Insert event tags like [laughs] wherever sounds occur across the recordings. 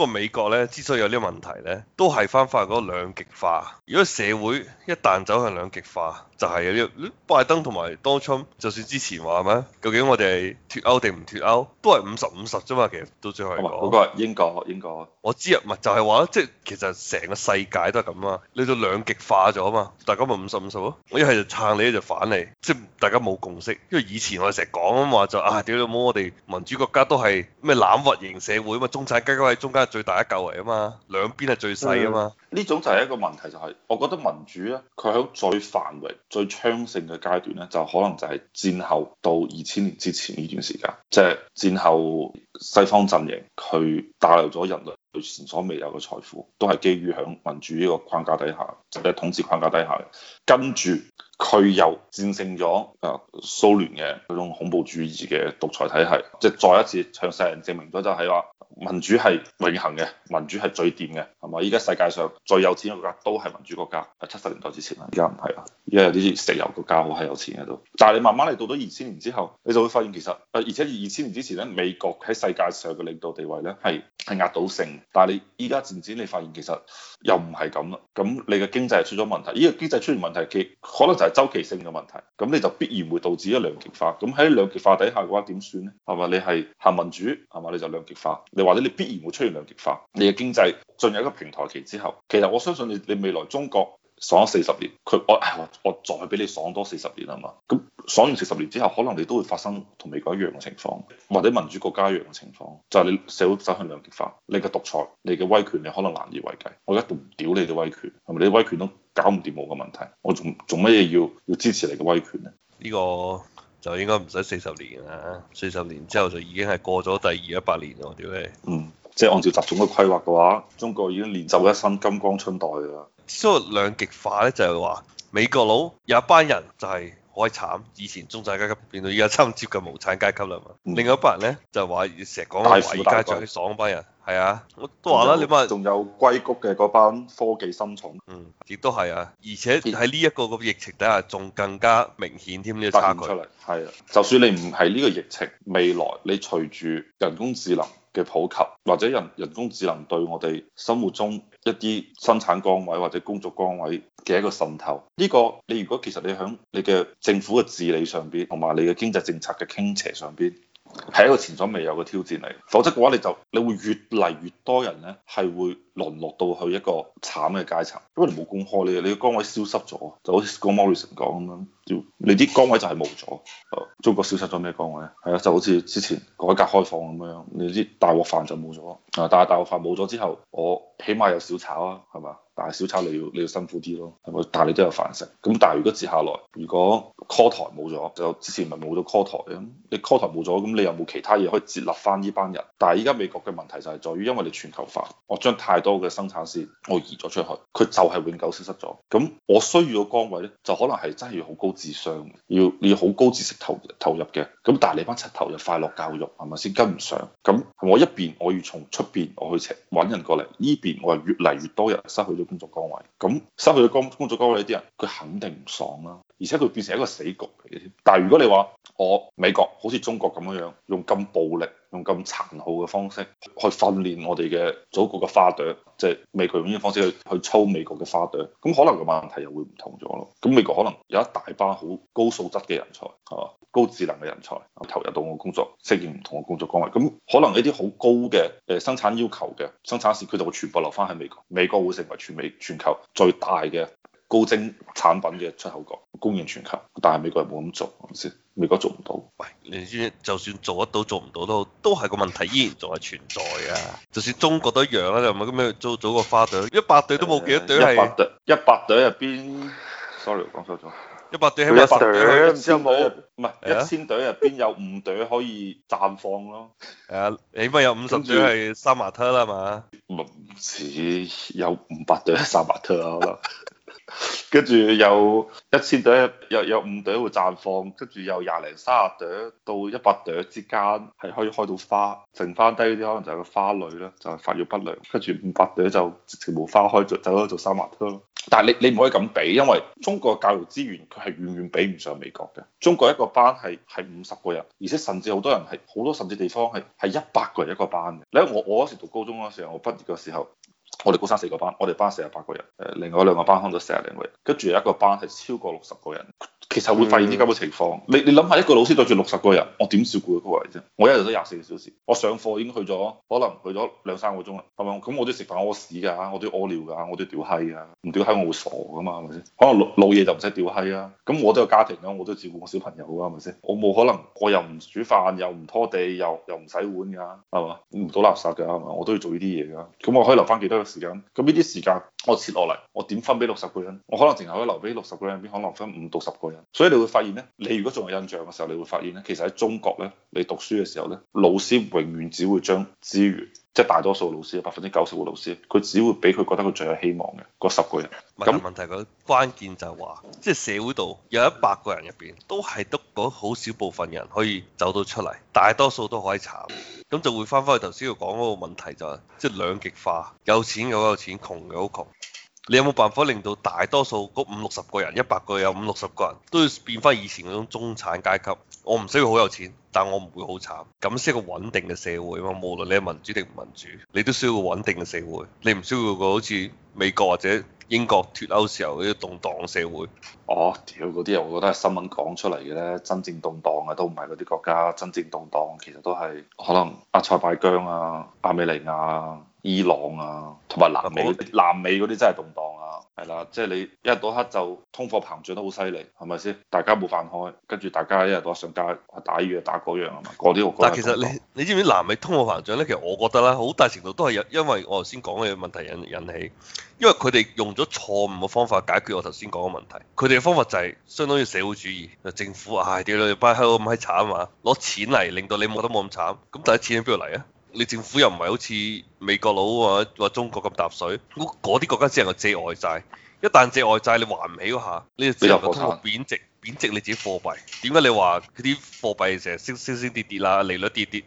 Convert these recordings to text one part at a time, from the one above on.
個美國咧之所以有呢啲問題咧，都係返返嗰兩極化。如果社會一旦走向兩極化，就係有啲拜登同埋 Donald Trump，就算之前話咩？究竟我哋脫歐定唔脫歐，都係五十五十啫嘛。其實都最後講，嗰個英國英國，英國我知啊，咪就係話，即係其實成個世界都係咁啊，你到兩極化咗啊嘛，大家咪五十五十咯。我一係就撐你，一就反你，即係大家冇共識。因為以前我哋成日講咁嘛，就啊、哎，屌你冇，我哋民主國家都係咩欖核型社會啊嘛，中產階級喺中間。最大一嚿嚟啊嘛，兩邊係最細啊嘛。呢種就係一個問題，就係我覺得民主咧，佢喺最繁榮、最昌盛嘅階段咧，就可能就係戰後到二千年之前呢段時間，即係戰後西方陣營佢帶來咗人類，類前所未有嘅財富，都係基於響民主呢個框架底下，即係統治框架底下嘅。跟住。佢又戰勝咗啊蘇聯嘅嗰種恐怖主義嘅獨裁體系，即係再一次向世人證明咗就係話民主係永恆嘅，民主係最掂嘅，係咪？依家世界上最有錢嘅國家都係民主國家，喺七十年代之前，而家唔係啦，依家有啲石油國家好係有錢嘅都。但係你慢慢嚟到咗二千年之後，你就會發現其實誒，而且二千年之前咧，美國喺世界上嘅領導地位咧係係壓倒性，但係你依家漸漸你發現其實又唔係咁啦，咁你嘅經濟係出咗問題，呢個經濟出現問題，其可能就係。周期性嘅問題，咁你就必然會導致一兩極化。咁喺兩極化底下嘅話，點算咧？係嘛？你係行民主，係嘛？你就兩極化。你或者你必然會出現兩極化。你嘅經濟進入一個平台期之後，其實我相信你，你未來中國爽咗四十年，佢我我再俾你爽多四十年啊嘛。咁爽完四十年之後，可能你都會發生同美國一樣嘅情況，或者民主國家一樣嘅情況，就係你社會走向兩極化，你嘅獨裁，你嘅威權，你可能難以為繼。我而家都唔屌你嘅威權，係咪？你嘅威權都～搞唔掂我嘅問題，我做做咩嘢要要支持你嘅威權咧？呢個就應該唔使四十年啦，四十年之後就已經係過咗第二一百年喎，屌你！嗯，即係按照習總嘅規劃嘅話，中國已經練習一身金剛春袋啦。所以兩極化咧，就係話美國佬有一班人就係。開以前中產階級變到依家差唔多接近無產階級啦嘛。嗯、另外一班人咧就話，成日講個買家最爽嗰班人，係啊，我都話啦，有你話說仲有硅谷嘅嗰班科技新寵，嗯，亦都係啊，而且喺呢一個個疫情底下，仲、嗯、更加明顯添呢個差距。係啊，就算你唔係呢個疫情，未來你隨住人工智能嘅普及，或者人人工智能對我哋生活中。一啲生產崗位或者工作崗位嘅一個滲透，呢個你如果其實你喺你嘅政府嘅治理上邊，同埋你嘅經濟政策嘅傾斜上邊，係一個前所未有嘅挑戰嚟，否則嘅話你就你會越嚟越多人咧係會淪落到去一個慘嘅階層，因為你冇公開呢，你嘅崗位消失咗，就好似個 Morris 講咁樣，你啲崗位就係冇咗。中國消失咗咩崗位咧？係啊，就好似之前改革開放咁樣，你啲大鑊飯就冇咗。啊，但係大鑊飯冇咗之後，我起碼有小炒啊，係嘛？但係小炒你要你要辛苦啲咯，係咪？但係你都有飯食。咁但係如果接下來如果，Call 台冇咗，就之前咪冇咗 Call 台咯。你 Call 台冇咗，咁你有冇其他嘢可以接納翻呢班人？但係依家美國嘅問題就係在於，因為你全球化，我將太多嘅生產線我移咗出去，佢就係永久消失咗。咁我需要嘅崗位呢，就可能係真係要好高智商，要要好高知識投投入嘅。咁但係你班七頭嘅快樂教育係咪先跟唔上？咁我一邊我要從出邊我去請揾人過嚟，呢邊我係越嚟越多人失去咗工作崗位。咁失去咗工工作崗位呢啲人，佢肯定唔爽啦。而且佢變成一個死局嚟嘅。但係如果你話我美國好似中國咁樣用咁暴力、用咁殘酷嘅方式去訓練我哋嘅祖國嘅花朵，即係美國用呢種方式去去操美國嘅花朵，咁可能個問題又會唔同咗咯。咁美國可能有一大班好高素質嘅人才，係高智能嘅人才投入到我工作，適應唔同嘅工作崗位。咁可能呢啲好高嘅誒生產要求嘅生產線，佢就會全部留翻喺美國，美國會成為全美全球最大嘅。高精產品嘅出口國供應全球，但係美國冇咁做，先美國做唔到。喂，你知就算做得到，做唔到都都係個問題，依然仲係存在嘅。就算中國都一樣啦，又唔係咁樣租咗個花隊，一百隊都冇幾多隊係。一百隊，一百隊入邊，Sorry，我講錯咗。一百隊起碼一百隊，唔知有冇唔係一千朵入邊、啊、有五朵可以綻放咯。係起碼有五十朵係三花特啦嘛。唔止有五百朵三花特啊，我 [laughs] 跟住 [laughs] 有一千朵，有有五朵會綻放，跟住有廿零、卅朵到一百朵之間係可以開到花，剩翻低啲可能就係個花蕾啦，就係、是、發育不良。跟住五百朵就直情冇花開就走咗做生化咯。但係你你唔可以咁比，因為中國嘅教育資源佢係遠遠比唔上美國嘅。中國一個班係係五十個人，而且甚至好多人係好多甚至地方係係一百個人一個班嘅。你我我嗰時讀高中嗰時候，我畢業嘅時候。我哋高三四個班，我哋班四十八個人，誒，另外兩個班可能都四廿零個人。跟住有一個班係超過六十個人，其實會發現啲咁嘅情況，嗯，你你諗下一個老師對住六十個人，我點照顧佢個位啫？我一日都廿四個小時，我上課已經去咗，可能去咗兩三個鐘啦，係咪？咁我都食飯屙屎噶吓，我都屙尿噶，我都屌閪噶，唔屌閪我會傻噶嘛，係咪先？可能老老嘢就唔使屌閪啊，咁我都有家庭噶，我都照顧我小朋友噶，係咪先？我冇可能我又唔煮飯，又唔拖地，又又唔洗碗噶，係嘛？唔倒垃圾噶，係嘛？我都要做呢啲嘢噶，咁我可以留翻幾多？時間，咁呢啲時間我切落嚟，我點分俾六十個人？我可能淨係可以留俾六十個人，邊可能分五到十個人？所以你會發現咧，你如果仲有印象嘅時候，你會發現咧，其實喺中國咧，你讀書嘅時候咧，老師永遠只會將資源。即係大多數老師，百分之九十嘅老師，佢只會俾佢覺得佢最有希望嘅嗰十個人。咁、那個、問題個關鍵就係話，即、就、係、是、社會度有一百個人入邊，都係得嗰好少部分人可以走到出嚟，大多數都可以查。咁就會翻翻去頭先要講嗰個問題、就是，就係即係兩極化，有錢嘅好有錢，窮嘅好窮。你有冇辦法令到大多數嗰五六十個人、一百個人、有五六十個人都要變翻以前嗰種中產階級？我唔需要好有錢，但我唔會好慘。咁先係個穩定嘅社會嘛。無論你係民主定唔民主，你都需要個穩定嘅社會。你唔需要個好似美國或者英國脱歐時候嗰啲動盪社會。哦，屌嗰啲我覺得係新聞講出嚟嘅咧，真正動盪嘅都唔係嗰啲國家，真正動盪其實都係可能阿塞拜疆啊、亞美尼亞。伊朗啊，同埋南美、啊、南美嗰啲真係動盪啊，係啦，即係你一日到黑就通貨膨脹得好犀利，係咪先？大家冇飯開，跟住大家一日到黑上街打呢樣打嗰樣啊嘛，嗰啲我但其實你你知唔知南美通貨膨脹咧？其實我覺得啦，好大程度都係因因為我頭先講嘅問題引引起，因為佢哋用咗錯誤嘅方法解決我頭先講嘅問題，佢哋嘅方法就係相當於社會主義，政府唉屌你班閪咁閪慘啊嘛，攞錢嚟令到你冇得冇咁慘，咁第一錢喺邊度嚟啊？你政府又唔係好似美國佬話話中國咁搭水，嗰啲國家只係個借外債，一旦借外債你還唔起嗰下，你就，就通過貶值貶值你自己貨幣。點解你話佢啲貨幣成日升升升跌跌啦，利率跌跌，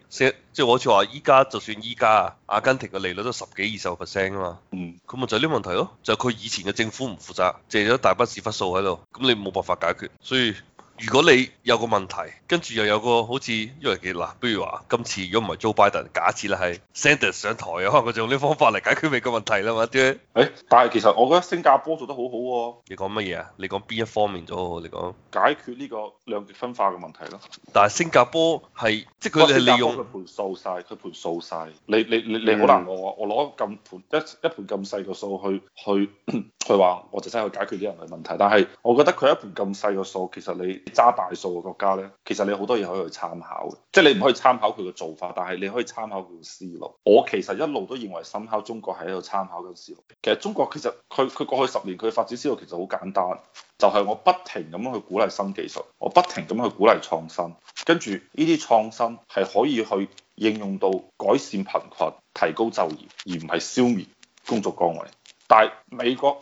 即係好似話依家就算依家啊，阿根廷嘅利率都十幾二十個 percent 啊嘛，嗯，咁咪就係呢個問題咯，就係佢以前嘅政府唔負責，借咗大筆屎忽數喺度，咁你冇辦法解決，所以。如果你有個問題，跟住又有個好似因為幾嗱，比如話今次如果唔係 Joe Biden，假設咧係 Sanders 上台，可能佢就用啲方法嚟解決美國問題啦嘛。啲，誒、欸，但係其實我覺得新加坡做得好、啊、好。你講乜嘢啊？你講邊一方面做？你講解決呢個兩極分化嘅問題咯、啊。但係新加坡係即係佢哋係利用佢、啊、盤數曬，佢盤數晒。你你你你好難、嗯、我我攞咁盤一一盤咁細嘅數去去去話 [coughs] 我就真係去解決啲人嘅問題。但係我覺得佢一盤咁細嘅數，其實你揸大數嘅國家咧，其實你好多嘢可以去參考嘅，即係你唔可以參考佢嘅做法，但係你可以參考佢嘅思路。我其實一路都認為深參考中國係一個參考嘅思路。其實中國其實佢佢過去十年佢嘅發展思路其實好簡單，就係、是、我不停咁樣去鼓勵新技術，我不停咁去鼓勵創新，跟住呢啲創新係可以去應用到改善貧困、提高就業，而唔係消滅工作崗位。但係美國，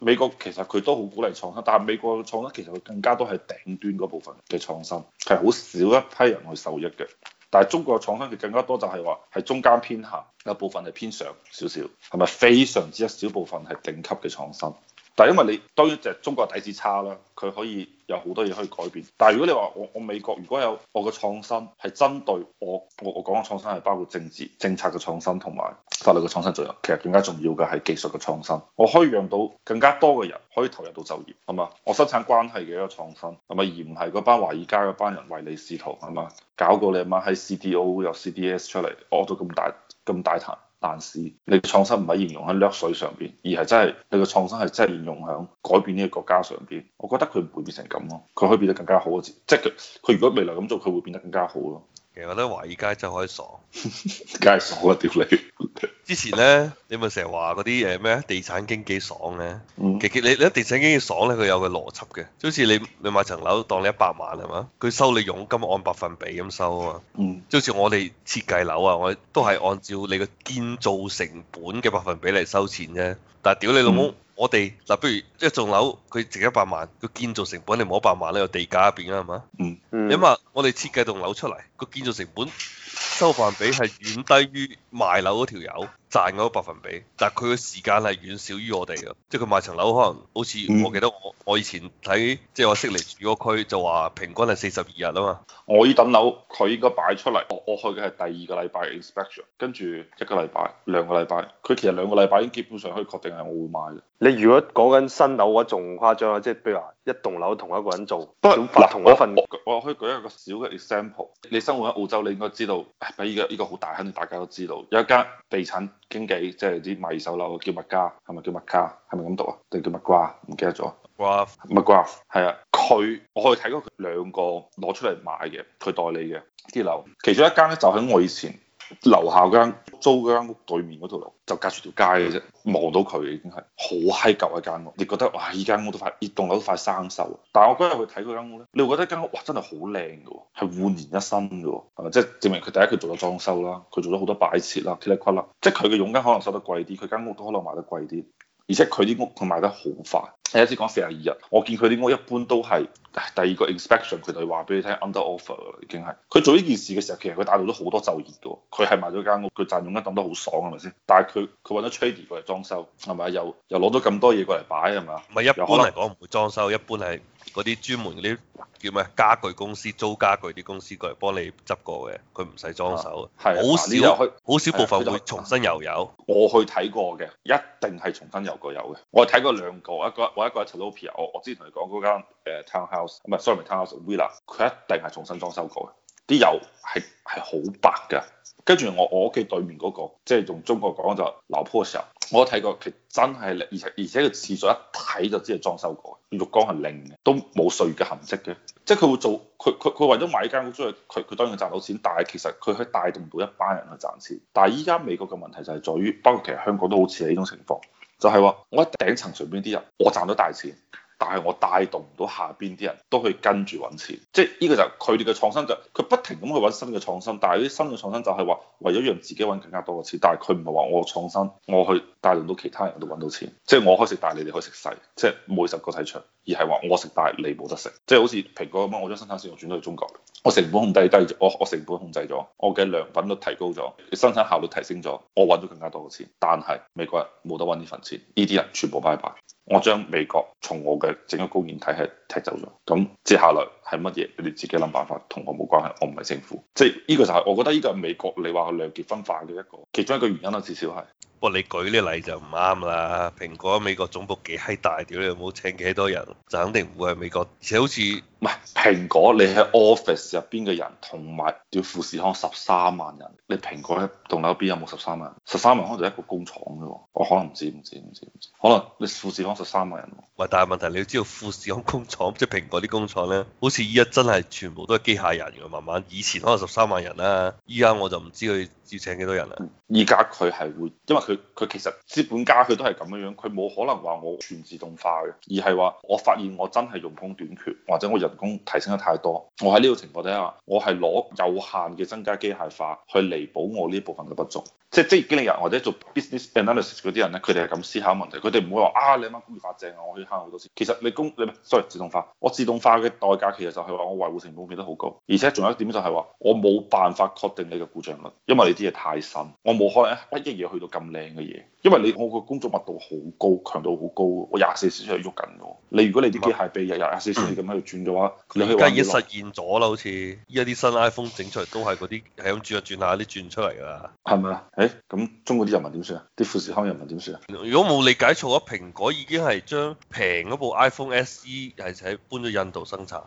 美國其實佢都好鼓勵創新，但係美國嘅創新其實佢更加多係頂端嗰部分嘅創新，係好少一批人去受益嘅。但係中國嘅創新，佢更加多就係話係中間偏下，有部分係偏上少少，同埋非常之一小部分係頂級嘅創新。但因為你當然就係中國底子差啦，佢可以有好多嘢可以改變。但係如果你話我我美國如果有我嘅創新係針對我我我講嘅創新係包括政治政策嘅創新同埋法律嘅創新作用，其實更加重要嘅係技術嘅創新。我可以讓到更加多嘅人可以投入到就業，係嘛？我生產關係嘅一個創新，係嘛？而唔係嗰班華爾街嗰班人唯利是圖，係嘛？搞到你阿媽喺 CDO 有，有 CDS CD 出嚟，屙到咁大咁大壇。但是你嘅創新唔係應用喺掠水上邊，而係真係你嘅創新係真係應用喺改變呢個國家上邊。我覺得佢唔會變成咁咯，佢可以變得更加好。即係佢佢如果未來咁做，佢會變得更加好咯。其實我覺得華爾街真係可以爽，街 [laughs] 爽啊！屌你！之前咧，你咪成日話嗰啲誒咩地產經紀爽咧，嗯、其實你你地產經紀爽咧，佢有個邏輯嘅，就好似你你買層樓，當你一百萬係嘛，佢收你佣金按百分比咁收啊嘛，嗯、就好似我哋設計樓啊，我都係按照你個建造成本嘅百分比嚟收錢啫，但係屌你老母！嗯我哋嗱，不如一棟樓，佢值一百萬，佢建造成本你冇一百萬，你有地價入邊嘅係嘛？嗯嗯，因為我哋設計棟樓出嚟，個建造成本收入比係遠低於賣樓嗰條友。賺嗰百分比，但係佢嘅時間係遠少於我哋嘅，即係佢賣層樓可能好似、嗯、我記得我我以前睇即係我悉尼住嗰區就話平均係四十二日啊嘛。我呢等樓佢應該擺出嚟，我我去嘅係第二個禮拜嘅 inspection，跟住一個禮拜，兩個禮拜，佢其實兩個禮拜已經基本上可以確定係我會買嘅。你如果講緊新樓嘅話，仲誇張啊！即係譬如話。一棟樓同一個人做，不過嗱，同一份我我，我可以舉一個小嘅 example。你生活喺澳洲，你應該知道，唔係依個依個好大，肯定大家都知道。有一間地產經紀，即係啲賣二手樓叫 McGrath，係咪叫 McGrath？係咪咁讀 McGrath，啊？定叫 McGraw？唔記得咗。McGrath。McGrath。係啊，佢我可以睇到佢兩個攞出嚟賣嘅，佢代理嘅啲樓，其中一間咧就喺我以前。樓下嗰間租嗰間屋對面嗰條樓就隔住條街嘅啫，望到佢已經係好嗨舊一間屋，你覺得哇呢間屋都快呢棟樓都快生銹，但係我嗰日去睇嗰間屋咧，你會覺得間屋哇真係好靚嘅，係煥然一新㗎，係咪即係證明佢第一佢做咗裝修啦，佢做咗好多擺設啦，鐵粒骨啦，即係佢嘅傭金可能收得貴啲，佢間屋都可能賣得貴啲。而且佢啲屋佢賣得好快 h 一 a d 講四廿二日，我見佢啲屋一般都係第二個 inspection，佢就話俾你聽 under offer 已經係佢做呢件事嘅時候，其實佢帶到咗好多就業嘅。佢係賣咗間屋，佢賺佣金得都好爽，係咪先？但係佢佢揾咗 trader 過嚟裝修，係咪又又攞咗咁多嘢過嚟擺，係咪啊？唔係是一般嚟講，唔會裝修，一般係。嗰啲專門嗰啲叫咩家具公司租家具啲公司過嚟幫你執過嘅，佢唔使裝修，好的少好、啊這個、少部分會重新油油油。我去睇過嘅，一定係重新油過油嘅。我睇過兩個，一個我一個喺 Chilopia 我我之前同你講嗰間 Townhouse，唔係 Sorry Townhouse Villa，佢一定係重新裝修過嘅，啲油係係好白㗎。跟住我我屋企對面嗰個，即係用中國講就樓盤嘅時候，我睇過其實真係靚，而且而且個廁所一睇就知係裝修過，浴缸係零嘅，都冇歲月嘅痕跡嘅，即係佢會做佢佢佢為咗買間屋出去，佢佢當然賺到錢，但係其實佢可以帶動到一班人去賺錢。但係依家美國嘅問題就係在於，包括其實香港都好似係呢種情況，就係話我喺頂層上邊啲人，我賺到大錢。但係我帶動唔到下邊啲人都去跟住揾錢，即係呢個就係佢哋嘅創新就佢不停咁去揾新嘅創新，但係啲新嘅創新就係話為咗讓自己揾更加多嘅錢，但係佢唔係話我創新我去帶動到其他人都揾到錢，即係我可以食大，你哋可以食細，即係每十個市場，而係話我食大，你冇得食，即係好似蘋果咁樣，我將生產線我轉咗去中國，我成本控制低我我成本控制咗，我嘅良品率提高咗，生產效率提升咗，我揾咗更加多嘅錢，但係美國人冇得揾呢份錢，呢啲人全部拜拜。我將美國從我嘅整個高原體系踢走咗，咁接下來係乜嘢？你自己諗辦法，同我冇關係，我唔係政府。即係呢個就係、是、我覺得呢個係美國你話兩極分化嘅一個其中一個原因啦，至少係。不過、哦、你舉啲例就唔啱啦，蘋果美國總部幾閪大屌你，有冇請幾多人，就肯定唔會係美國，而且好似。唔係蘋果，你喺 office 入邊嘅人，同埋叫富士康十三萬人，你蘋果喺棟樓入邊有冇十三萬人？十三萬可能就一個工廠嘅喎，我可能唔知唔知唔知唔知，可能你富士康十三萬人。喂，但係問題你要知道富士康工廠，即係蘋果啲工廠咧，好似依家真係全部都係機械人嘅。慢慢以前可能十三萬人啦、啊，依家我就唔知佢要請幾多人啦。依家佢係會，因為佢佢其實資本家佢都係咁樣樣，佢冇可能話我全自動化嘅，而係話我發現我真係用工短缺，或者我入。工提升得太多，我喺呢個情況底下，我係攞有限嘅增加機械化去彌補我呢部分嘅不足。即係職業經理人或者做 business analysis 嗰啲人咧，佢哋係咁思考問題，佢哋唔會話啊，你啱工業化正啊，我可以慳好多錢。其實你工你唔係，sorry 自動化，我自動化嘅代價其實就係話我維護成本變得好高，而且仲有一點就係話我冇辦法確定你嘅故障率，因為你啲嘢太新，我冇可能一一嘢去到咁靚嘅嘢。因為你我個工作密度好高，強度好高，我廿四小時喺度喐緊，你如果你啲機械臂日日廿四小時咁喺度轉嘅話，佢、嗯、已經實現咗啦。好似依家啲新 iPhone 整出嚟都係嗰啲係咁轉下轉下啲轉,轉出嚟㗎。係咪啊？誒，咁、欸、中國啲人民點算啊？啲富士康人民點算啊？如果冇理解錯，蘋果已經係將平嗰部 iPhone SE 係喺搬咗印度生產，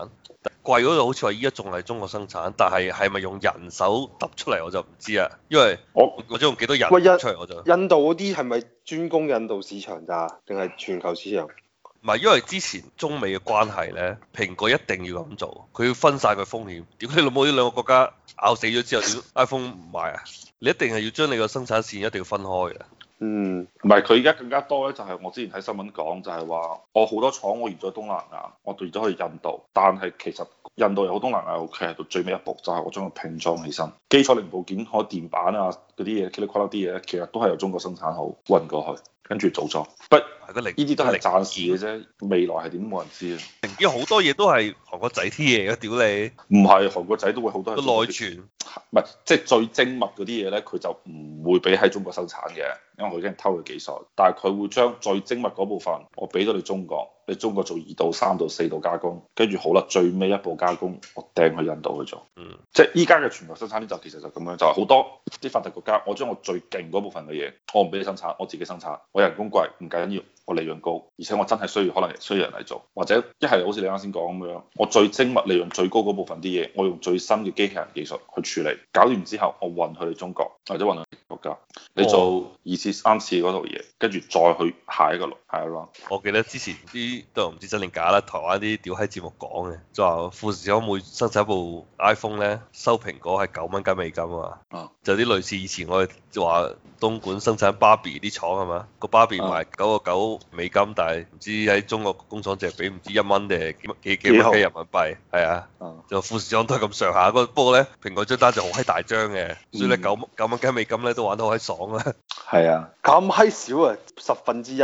貴嗰度好似話依家仲係中國生產，但係係咪用人手揼出嚟我就唔知啊。因為我我將用幾多人揼出嚟我就。印度嗰啲係。係咪專攻印度市場咋？定係全球市場？唔係，因為之前中美嘅關係咧，蘋果一定要咁做，佢要分曬個風險。點解你老母？呢兩個國家咬死咗之後，點解 iPhone 唔賣啊？你一定係要將你個生產線一定要分開嘅。嗯，唔係佢而家更加多咧，就係我之前睇新聞講，就係話我好多廠我移咗東南亞，我移咗去印度，但係其實印度有好，東南亞 OK，到最尾一步就係我將佢拼裝起身，基礎零部件，可能電板啊嗰啲嘢，kilowatt 啲嘢，其實都係由中國生產好運過去，跟住組裝。不，呢啲都係暫時嘅啫，未來係點冇人知啊。因為好多嘢都係韓國仔啲嘢啊，屌你！唔係韓國仔都會好多，個內存，唔係即係最精密嗰啲嘢咧，佢就唔會俾喺中國生產嘅。因為佢已經偷佢幾十，但係佢會將最精密嗰部分，我俾咗你中國。你中國做二度、三度、四度加工，跟住好啦，最尾一步加工，我掟去印度去做。嗯。即係依家嘅全球生產呢，就其實就咁樣，就係、是、好多啲發達國家，我將我最勁嗰部分嘅嘢，我唔俾你生產，我自己生產。我人工貴唔緊要，我利潤高，而且我真係需要可能需要人嚟做，或者一係好似你啱先講咁樣，我最精密利潤最高嗰部分啲嘢，我用最新嘅機器人技術去處理，搞完之後我運去中國或者運去國家。你做二次、三次嗰度嘢，跟住、哦、再去下一個路，係咯。我記得之前啲。都唔知真定假啦！台灣啲屌閪節目講嘅，就話富士康每生產一部 iPhone 咧，收蘋果係九蚊雞美金啊嘛。啊就啲類似以前我哋話東莞生產芭比啲廠係嘛？個芭比賣九個九美金，啊、但係唔知喺中國工廠淨係俾唔知一蚊定幾幾幾蚊嘅人民幣？係紅啊。就富士康都係咁上下，不過咧蘋果張單就好閪大張嘅，所以咧九九蚊雞美金咧都玩得好閪爽、嗯、啊。係啊。咁閪少啊，十分之一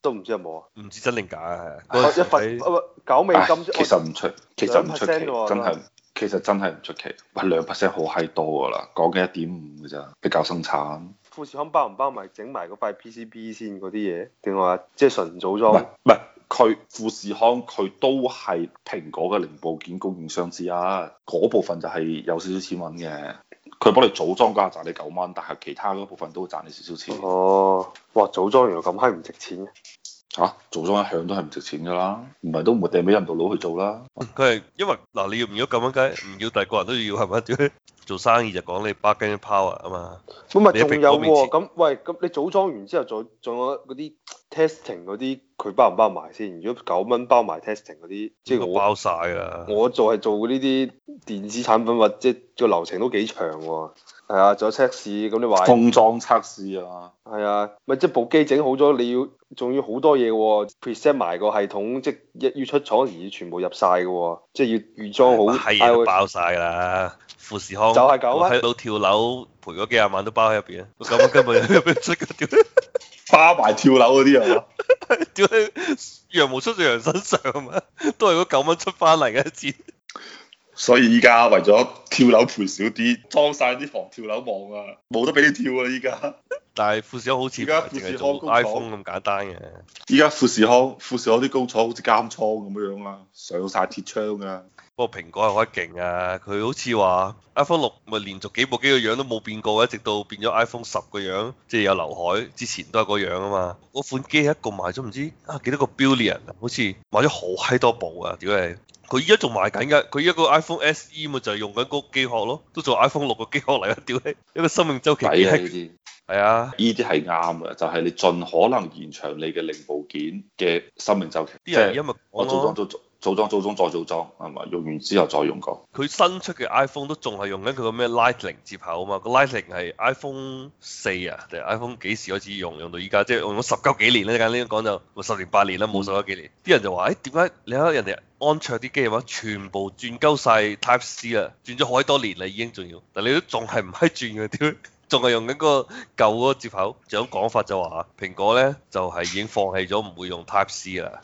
都唔知有冇啊？唔知真定假啊！一份九美金，我其實唔出，其實唔出奇，啊、真係的其實真係唔出奇。哇，兩 percent 好閪多噶啦，講緊一點五嘅咋，比較生產。富士康包唔包埋整埋嗰塊 PCB 先嗰啲嘢？定話？即係純組裝？唔係，佢富士康佢都係蘋果嘅零部件供應商之一，嗰部分就係有少少錢揾嘅。佢幫你組裝加賺你九蚊，但係其他嗰部分都會賺你少少錢。哦，哇，組裝原來咁閪唔值錢嘅。吓、啊？組裝一向都係唔值錢㗎啦，唔係都唔會掟俾印度佬去做啦。佢係、嗯、因為嗱，你要唔要九蚊雞？唔要，第個人都要，係咪？ [laughs] 做生意就講你 buying power 啊嘛，咁咪仲有喎、啊？咁喂，咁你組裝完之後，仲仲有嗰啲 testing 嗰啲，佢包唔包埋先？如果九蚊包埋 testing 嗰啲，即係我包晒啊！我做係做呢啲電子產品，或者個流程都幾長喎。係啊，仲有測試咁你話？封裝測試啊？係啊，咪即部機整好咗，你要仲要好多嘢喎、啊、preset 埋個系統即。一要出廠，而要全部入晒嘅喎，即係要預裝好，係要爆曬㗎啦。富士康就係咁啊！睇到跳樓賠嗰幾廿萬都包喺入邊啊！九蚊根本入邊出嘅點？包埋跳樓嗰啲啊，屌 [laughs] 屌 [laughs] 羊毛出在羊身上啊？都係嗰九蚊出翻嚟嘅錢。 [laughs] 所以依家為咗跳樓賠少啲，裝晒啲防跳樓網啊，冇得俾你跳啊！依家，但係富士康好似依家淨係裝 iPhone 咁簡單嘅，依家富士康富士康啲工廠好似監倉咁樣啊，上晒鐵窗啊。不過蘋果係好勁啊，佢好似話 iPhone 六咪連續幾部機個樣都冇變過，一直到變咗 iPhone 十個樣，即係有劉海之前都係個樣啊嘛。嗰款機一共賣咗唔知啊幾多個 billion，好似賣咗好閪多部啊！屌係。佢依家仲賣緊嘅，佢依一個 iPhone SE 嘛就係用緊個機殼咯，都做 iPhone 六個機殼嚟啊！屌你，一個生命周期係看啊，呢啲係啱嘅，就係、是、你盡可能延長你嘅零部件嘅生命周期。啲人因為講做。 [laughs] 組裝、組裝、再組裝，係咪？用完之後再用過。佢新出嘅 iPhone 都仲係用緊佢個咩 Lightning 接口啊嘛？個 Lightning 係 iPhone 四啊定 iPhone 幾時開始用？用到依家，即係用咗十九幾年呢。簡單啲講就，十年八年啦，冇十九幾年。啲、嗯、人就話，誒點解你睇人哋安卓啲機嘅話，全部轉鳩晒 Type C 啊，轉咗好多年啦，已經仲要，但你都仲係唔閪轉嘅，點？仲係用緊嗰個舊個接口。有種講法就話，蘋果呢就係、是、已經放棄咗，唔會用 Type C 啦。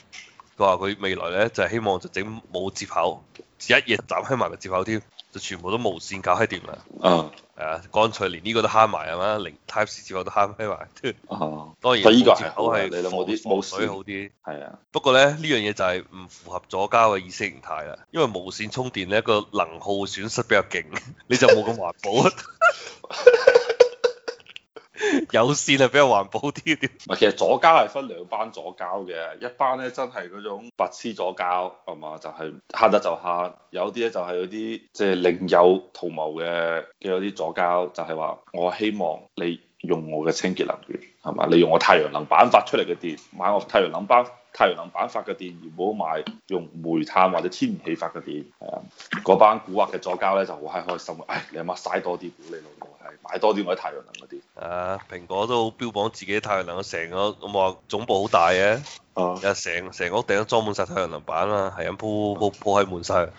佢話佢未來咧就係、是、希望就整冇接口，只一亦斬開埋個接口添，就全部都無線搞喺掂啦。Uh huh. 啊，係啊，乾脆連呢個都慳埋係嘛，Type C 接口都慳開埋。啊、uh，huh. 當然，佢呢個接口係防水好啲。係啊、uh，huh. uh huh. 不過咧呢樣嘢、這個、就係唔符合左膠嘅意識形態啦，因為無線充電咧、那個能耗損失比較勁， [laughs] 你就冇咁環保。 [laughs] [laughs] [laughs] 有線就比較環保啲啲。唔係，其實左膠係分兩班左膠嘅，一班咧真係嗰種白痴左膠係嘛，就係慳得就慳；有啲咧就係嗰啲即係另有圖謀嘅嘅啲左膠，就係話：我希望你。用我嘅清潔能源，係嘛？你用我太陽能板發出嚟嘅電，買我太陽能板太陽能板發嘅電，而唔好買用煤炭或者天然氣發嘅電，嗰班古惑嘅左膠呢就好嗨開心，唉、哎，你阿媽嘥多啲股，你老母係買多啲我啲太陽能嗰啲。啊，uh, 蘋果都好標榜自己太陽能，成個我話總部好大嘅，成成、uh. 個屋頂都裝滿晒太陽能板啦，係咁鋪鋪鋪起滿晒。